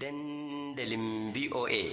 Dandalin BOA.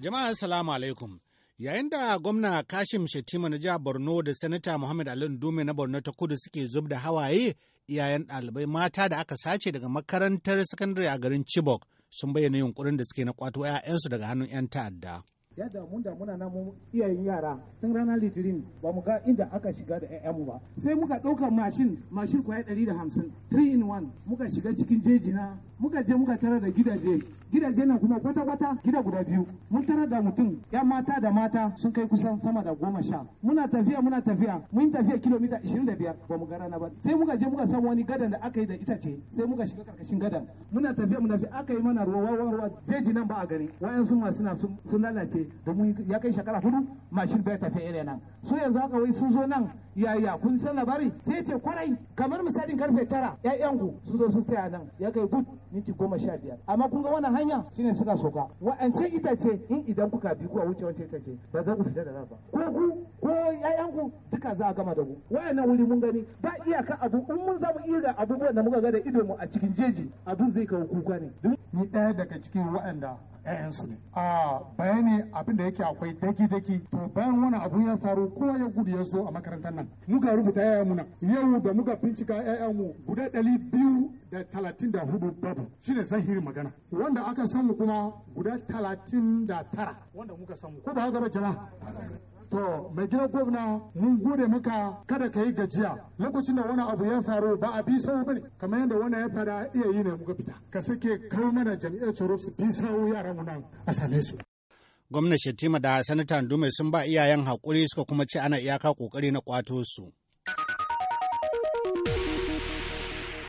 Jama'a salamu alaikum. Yayin da gwamna Kashim Shetima na jihar Borno da Sanata Muhammad Ali Dume na Borno ta kudu suke zub da hawaye, iyayen ɗalibai mata da aka sace daga makarantar sakandare a garin Chibok sun bayyana yunkurin da suke na ƙwato 'ya'yansu daga hannun 'yan ta'adda. ya damu da muna na iyayen yara tun ranar litirin ba mu ga inda aka shiga da ƴaƴanmu ba sai muka ɗaukar mashin mashin kwaya ɗari da hamsin three in one muka shiga cikin jejina muka je muka tara da gidaje gidaje nan kuma kwata kwata gida guda biyu mun tara da mutum ya mata da mata sun kai kusan sama da goma sha muna tafiya muna tafiya mun tafiya kilomita ishirin da biyar ba mu ga rana ba sai muka je muka san wani gadan da aka yi da itace sai muka shiga karkashin gadan muna tafiya muna tafiya aka yi mana ruwa ruwa jeji nan ba a gani wayansu ma suna sun lalace domin ya kai shekara hudu mashin bai tafiya irin nan so yanzu haka wai sun zo nan yaya kun san labari sai ce kwarai kamar misalin karfe tara ƴaƴan ku sun zo sun tsaya nan ya kai gud minti goma sha biyar amma kun ga wannan hanya shine suka soka wa'ancan itace in idan kuka bi kuwa wuce wancan itace ba za ku fita da nan ba ko ku ko ƴaƴan ku duka za a gama da ku wa'annan wuri mun gani ba iyaka abu in mun zamu iya abubuwan da muka ga da ido mu a cikin jeji abin zai kawo kuka ne ni ɗaya daga cikin waɗanda 'ya'yansu ne a bayani abin da yake akwai daki daki to bayan wani abu ya faru kowa ya gudu ya zo a makarantar nan muka rubuta yayan muna yau da muka bincika yayan mu guda ɗari biyu da talatin da hudu babu shine zahirin magana wanda aka samu kuma guda talatin da tara wanda muka samu ko ba haka ba jama'a To, mai gidan gwamna mun gode maka kada ka yi gajiya lokacin da wani abu ya faru ba a bi sawu bane kamar yadda wani ya fada iya yi ne muka fita ka sake kawo mana jami'ar tsaro su bi sawu yaran mu nan a same su. gwamnan Shettima da sanatan Dume sun ba iyayen haƙuri suka kuma ce ana iyaka ƙoƙari na ƙwato su.